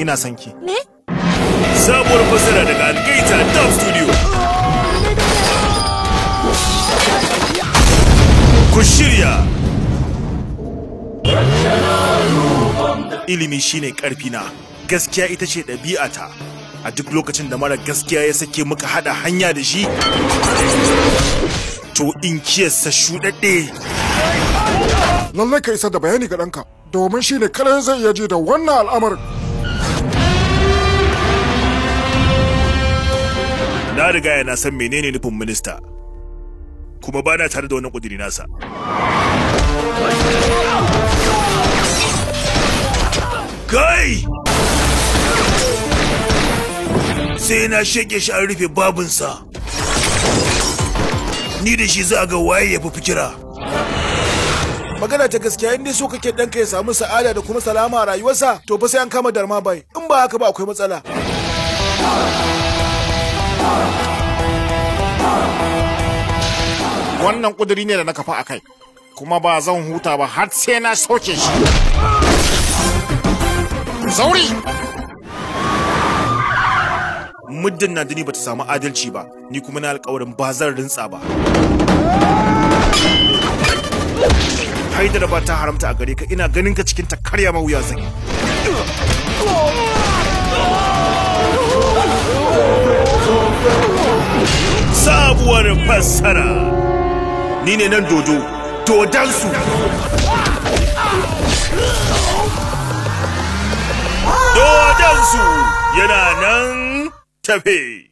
ina son ki me sabuwar fasara daga algaita dub studio ku shirya ilimi shine na gaskiya ita ce ɗabi'ata a duk lokacin da mara gaskiya ya sake muka haɗa hanya da shi to in kiyarsa shuɗaɗɗe lallai ka isa da bayani ga ɗanka domin shi ne zai iya ji da wannan al'amarin na riga yana san menene nufin minista kuma ba na tare da wani kudiri nasa kai sai na shege shi an rufe babinsa ni da shi za a ga waye ya fi fikira magana ta gaskiya in dai so kake ɗanka ya samu sa'ada da kuma salama a rayuwarsa to fa sai an kama darma bai in ba haka ba akwai matsala wannan ƙuduri ne da na kafa a kai kuma ba zan huta ba har sai na sauke shi zauri muddin nadini bata samu adalci ba ni kuma na alkawarin ba zan rintsa ba Haidara ba ta haramta a gare ka ina ganin ka cikin ta karya zai zan sabuwar fassara ni ne nan dodo dodansu dodansu yana nan tafe